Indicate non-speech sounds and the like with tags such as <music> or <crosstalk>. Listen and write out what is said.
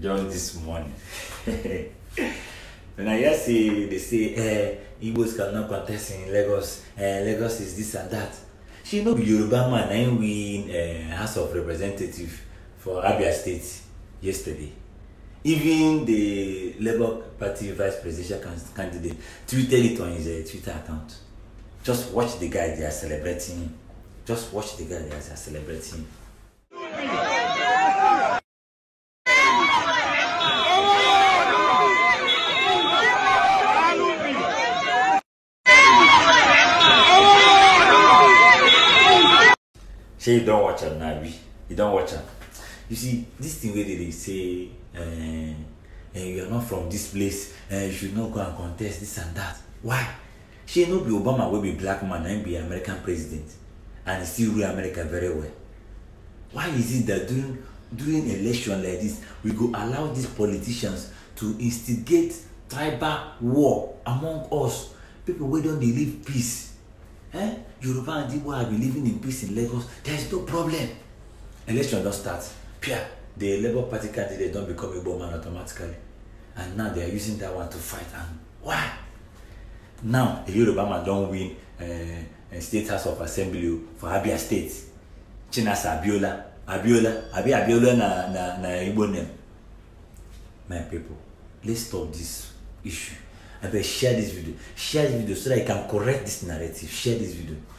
just this morning. when <laughs> I hear say they say eh, Igbos cannot contest in Lagos, eh, Lagos is this and that. She no be Yoruba man na win eh, House of Representative for Abia State yesterday. Even the Labour Party vice presidential candidate tweeted it on his uh, Twitter account. Just watch the guy they are celebrating. Just watch the guy they are celebrating. say you don't watch am na we you don't watch am you see this thing wey dey dey say uh, uh, you are not from this place uh, you should not go and contest this and that why shey no be obama wey be black man na him be american president and he still rule america very well why is it that during during election like this we go allow these politicians to instigate tribal war among us people wey don dey live peace eh? Yoruba and Igbo have been living in peace in Lagos. There is no problem. Election don start. Pia, the Labour Party candidate don't become Igbo man automatically. And now they are using that one to fight. And why? Now, a Yoruba man don win uh, eh, a eh, State House of Assembly for Abia State. Chinasa Abiola. Abiola. Abi Abiola na, na, na Igbo name. My people, let's stop this issue. I share this video. Share this video so that I can correct this narrative. Share this video.